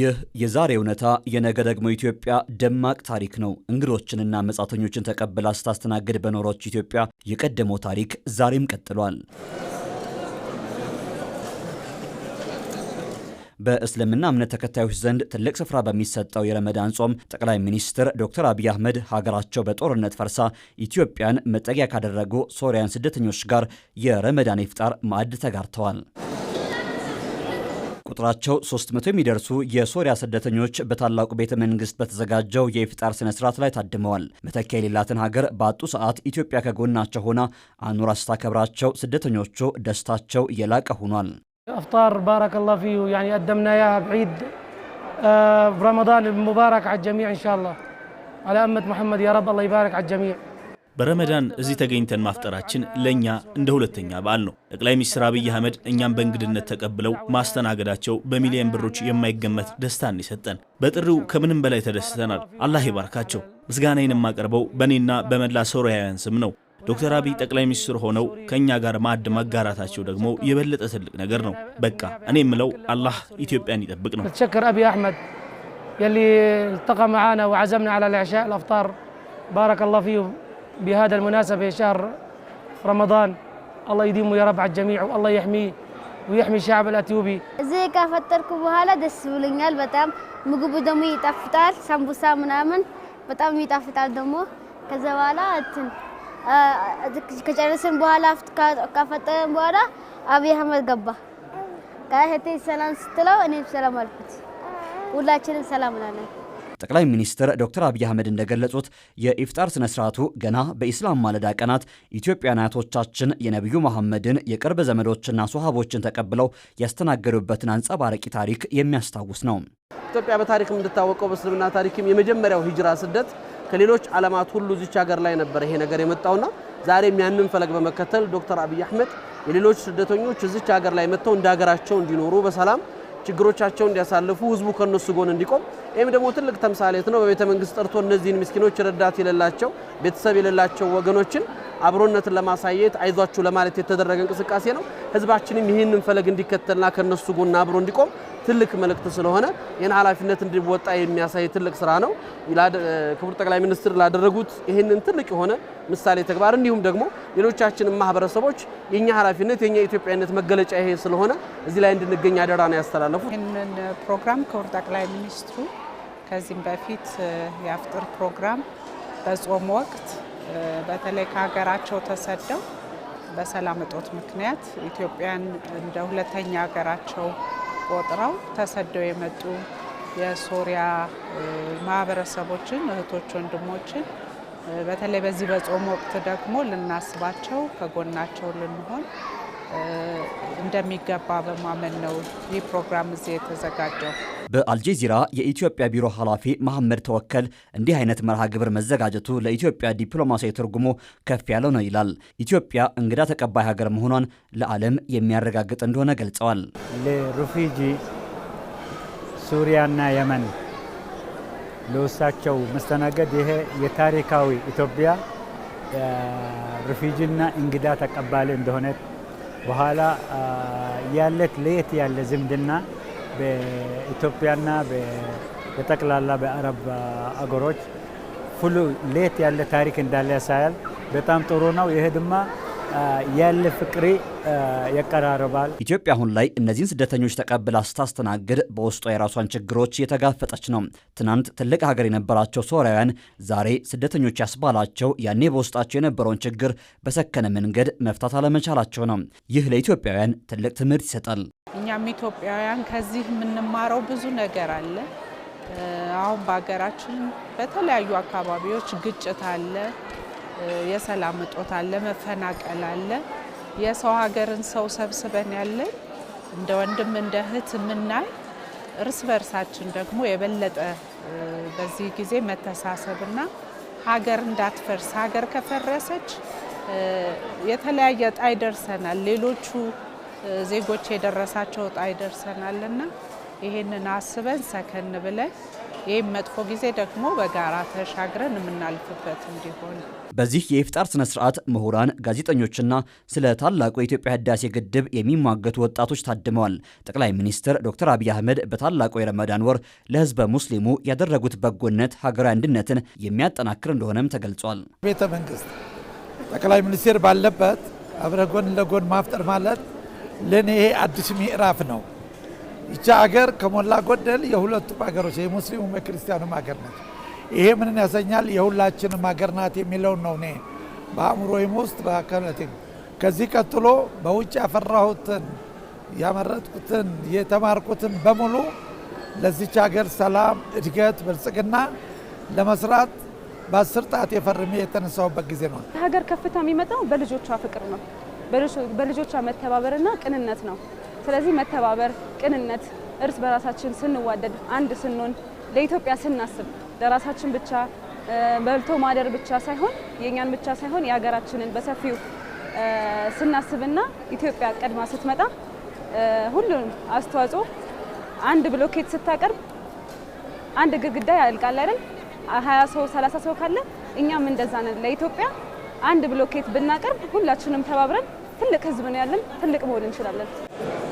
ይህ የዛሬ እውነታ የነገ ደግሞ ኢትዮጵያ ደማቅ ታሪክ ነው። እንግዶችንና መጻተኞችን ተቀብላ ስታስተናግድ በኖሮች ኢትዮጵያ የቀደመው ታሪክ ዛሬም ቀጥሏል። በእስልምና እምነት ተከታዮች ዘንድ ትልቅ ስፍራ በሚሰጠው የረመዳን ጾም ጠቅላይ ሚኒስትር ዶክተር አብይ አህመድ ሀገራቸው በጦርነት ፈርሳ ኢትዮጵያን መጠጊያ ካደረጉ ሶሪያን ስደተኞች ጋር የረመዳን ኢፍጣር ማዕድ ተጋርተዋል። ቁጥራቸው 300 የሚደርሱ የሶሪያ ስደተኞች በታላቁ ቤተ መንግስት በተዘጋጀው የኢፍጣር ስነ ስርዓት ላይ ታድመዋል። መተኪያ የሌላትን ሀገር በአጡ ሰዓት ኢትዮጵያ ከጎናቸው ሆና አኑራ ስታከብራቸው ስደተኞቹ ደስታቸው የላቀ ሆኗል። አፍጣር ባረከላሁ ፊሁ አደምናያ ብዒድ ረመዳን ሙባረክ ዐ ጀሚዕ ኢንሻአላህ እመት መሐመድ ያረብ ረብ ይባረክ ጀሚዕ በረመዳን እዚህ ተገኝተን ማፍጠራችን ለእኛ እንደ ሁለተኛ በዓል ነው። ጠቅላይ ሚኒስትር አብይ አህመድ እኛም በእንግድነት ተቀብለው ማስተናገዳቸው በሚሊየን ብሮች የማይገመት ደስታን ይሰጠን። በጥሪው ከምንም በላይ ተደስተናል። አላህ ይባርካቸው። ምስጋናዬን የማቀርበው በእኔና በመላ ሶሪያውያን ስም ነው። ዶክተር አብይ ጠቅላይ ሚኒስትር ሆነው ከእኛ ጋር ማዕድ መጋራታቸው ደግሞ የበለጠ ትልቅ ነገር ነው። በቃ እኔ የምለው አላህ ኢትዮጵያን ይጠብቅ ነው። ተሸከር አብይ አህመድ የሊ ልተቀ መዓና ወዓዘምና على ልዕሻ ልአፍጣር ባረከ الله فيه بهذا المناسبة شهر رمضان الله يديمه يا رب على الجميع والله يحميه ويحمي الشعب الاثيوبي زي كيف تركبوا هذا دسولين قال بتام مقبو دمي يتفتال سامبوسا منامن بتام يتفتال دمو كذا والا اتن آه، كجلسن بوالا كفتن بوالا ابي احمد قبا قال سلام ستلو اني سلام عليكم ولا تشيل سلام لنا ጠቅላይ ሚኒስትር ዶክተር አብይ አህመድ እንደገለጹት የኢፍጣር ስነ ስርዓቱ ገና በኢስላም ማለዳ ቀናት ኢትዮጵያን አያቶቻችን የነቢዩ መሐመድን የቅርብ ዘመዶችና ሶሃቦችን ተቀብለው ያስተናገዱበትን አንጸባራቂ ታሪክ የሚያስታውስ ነው። ኢትዮጵያ በታሪክ የምትታወቀው በእስልምና ታሪክም የመጀመሪያው ሂጅራ ስደት ከሌሎች ዓለማት ሁሉ እዚች ሀገር ላይ ነበር ይሄ ነገር የመጣውና ዛሬም ያንን ፈለግ በመከተል ዶክተር አብይ አህመድ የሌሎች ስደተኞች እዚች ሀገር ላይ መጥተው እንደ ሀገራቸው እንዲኖሩ በሰላም ችግሮቻቸውን እንዲያሳልፉ ህዝቡ ከነሱ ጎን እንዲቆም ይህም ደግሞ ትልቅ ተምሳሌት ነው። በቤተ መንግስት ጠርቶ እነዚህን ምስኪኖች ረዳት የሌላቸው ቤተሰብ የሌላቸው ወገኖችን አብሮነትን ለማሳየት አይዟችሁ ለማለት የተደረገ እንቅስቃሴ ነው። ህዝባችንም ይህንን ፈለግ እንዲከተልና ከነሱ ጎን አብሮ እንዲቆም ትልቅ መልእክት ስለሆነ ይህን ኃላፊነት እንዲወጣ የሚያሳይ ትልቅ ስራ ነው። ክቡር ጠቅላይ ሚኒስትር ላደረጉት ይህንን ትልቅ የሆነ ምሳሌ ተግባር እንዲሁም ደግሞ ሌሎቻችንም ማህበረሰቦች የእኛ ኃላፊነት የኛ ኢትዮጵያዊነት መገለጫ ይሄ ስለሆነ እዚህ ላይ እንድንገኝ አደራ ነው ያስተላለፉት። ይህንን ፕሮግራም ክቡር ጠቅላይ ሚኒስትሩ ከዚህም በፊት የአፍጥር ፕሮግራም በጾም ወቅት በተለይ ከሀገራቸው ተሰደው በሰላም እጦት ምክንያት ኢትዮጵያን እንደ ሁለተኛ ሀገራቸው ቆጥረው ተሰደው የመጡ የሶሪያ ማህበረሰቦችን እህቶች፣ ወንድሞችን በተለይ በዚህ በጾም ወቅት ደግሞ ልናስባቸው ከጎናቸው ልንሆን እንደሚገባ በማመን ነው ይህ ፕሮግራም እዚህ የተዘጋጀው። በአልጀዚራ የኢትዮጵያ ቢሮ ኃላፊ መሐመድ ተወከል እንዲህ አይነት መርሃ ግብር መዘጋጀቱ ለኢትዮጵያ ዲፕሎማሲያዊ ትርጉሙ ከፍ ያለው ነው ይላል። ኢትዮጵያ እንግዳ ተቀባይ ሀገር መሆኗን ለዓለም የሚያረጋግጥ እንደሆነ ገልጸዋል። ለሩፊጂ ሱሪያና የመን ለውሳቸው መስተናገድ ይሄ የታሪካዊ ኢትዮጵያ ሩፊጂና እንግዳ ተቀባይ እንደሆነ በኋላ ያለት ለየት ያለ ዝምድና በኢትዮጵያና በጠቅላላ በአረብ አገሮች ሁሉ ሌት ያለ ታሪክ እንዳለ ያሳያል። በጣም ጥሩ ነው። ይሄ ድማ ያለ ፍቅሬ ያቀራርባል። ኢትዮጵያ አሁን ላይ እነዚህን ስደተኞች ተቀብላ ስታስተናግድ በውስጧ የራሷን ችግሮች እየተጋፈጠች ነው። ትናንት ትልቅ ሀገር የነበራቸው ሶሪያውያን ዛሬ ስደተኞች ያስባላቸው ያኔ በውስጣቸው የነበረውን ችግር በሰከነ መንገድ መፍታት አለመቻላቸው ነው። ይህ ለኢትዮጵያውያን ትልቅ ትምህርት ይሰጣል። እኛም ኢትዮጵያውያን ከዚህ የምንማረው ብዙ ነገር አለ። አሁን በሀገራችን በተለያዩ አካባቢዎች ግጭት አለ። የሰላም እጦት አለ፣ መፈናቀል አለ። የሰው ሀገርን ሰው ሰብስበን ያለን እንደ ወንድም እንደ እህት የምናይ እርስ በርሳችን ደግሞ የበለጠ በዚህ ጊዜ መተሳሰብና ሀገር እንዳትፈርስ ሀገር ከፈረሰች የተለያየ እጣ ይደርሰናል። ሌሎቹ ዜጎች የደረሳቸው እጣ እና ይሄንን አስበን ሰከን ብለን ይህም መጥፎ ጊዜ ደግሞ በጋራ ተሻግረን የምናልፍበት እንዲሆን። በዚህ የኢፍጣር ስነ ስርዓት ምሁራን፣ ጋዜጠኞችና ስለ ታላቁ የኢትዮጵያ ህዳሴ ግድብ የሚሟገቱ ወጣቶች ታድመዋል። ጠቅላይ ሚኒስትር ዶክተር አብይ አህመድ በታላቁ የረመዳን ወር ለህዝበ ሙስሊሙ ያደረጉት በጎነት ሀገራዊ አንድነትን የሚያጠናክር እንደሆነም ተገልጿል። ቤተ መንግስት ጠቅላይ ሚኒስቴር ባለበት አብረ ጎን ለጎን ማፍጠር ማለት ለእኔ ይሄ አዲስ ምዕራፍ ነው። ይቺ ሀገር ከሞላ ጎደል የሁለቱም ሀገሮች የሙስሊሙም የክርስቲያኑም ሀገር ናት። ይሄ ምንን ያሰኛል? የሁላችንም ሀገር ናት የሚለውን ነው እኔ በአእምሮዬም ውስጥ በአካላቴ። ከዚህ ቀጥሎ በውጭ ያፈራሁትን ያመረጥኩትን የተማርኩትን በሙሉ ለዚች ሀገር ሰላም፣ እድገት፣ ብልጽግና ለመስራት በአስር ጣት የፈርሜ የተነሳውበት ጊዜ ነው። ሀገር ከፍታ የሚመጣው በልጆቿ ፍቅር ነው፣ በልጆቿ መተባበርና ቅንነት ነው። ስለዚህ መተባበር፣ ቅንነት፣ እርስ በራሳችን ስንዋደድ፣ አንድ ስንሆን፣ ለኢትዮጵያ ስናስብ ለራሳችን ብቻ በልቶ ማደር ብቻ ሳይሆን የእኛን ብቻ ሳይሆን የሀገራችንን በሰፊው ስናስብና ኢትዮጵያ ቀድማ ስትመጣ ሁሉንም አስተዋጽኦ አንድ ብሎኬት ስታቀርብ አንድ ግድግዳ ያልቃል አይደል? ሀያ ሰው ሰላሳ ሰው ካለ እኛም እንደዛ ነን። ለኢትዮጵያ አንድ ብሎኬት ብናቀርብ ሁላችንም ተባብረን ትልቅ ህዝብ ነው ያለን፣ ትልቅ መሆን እንችላለን።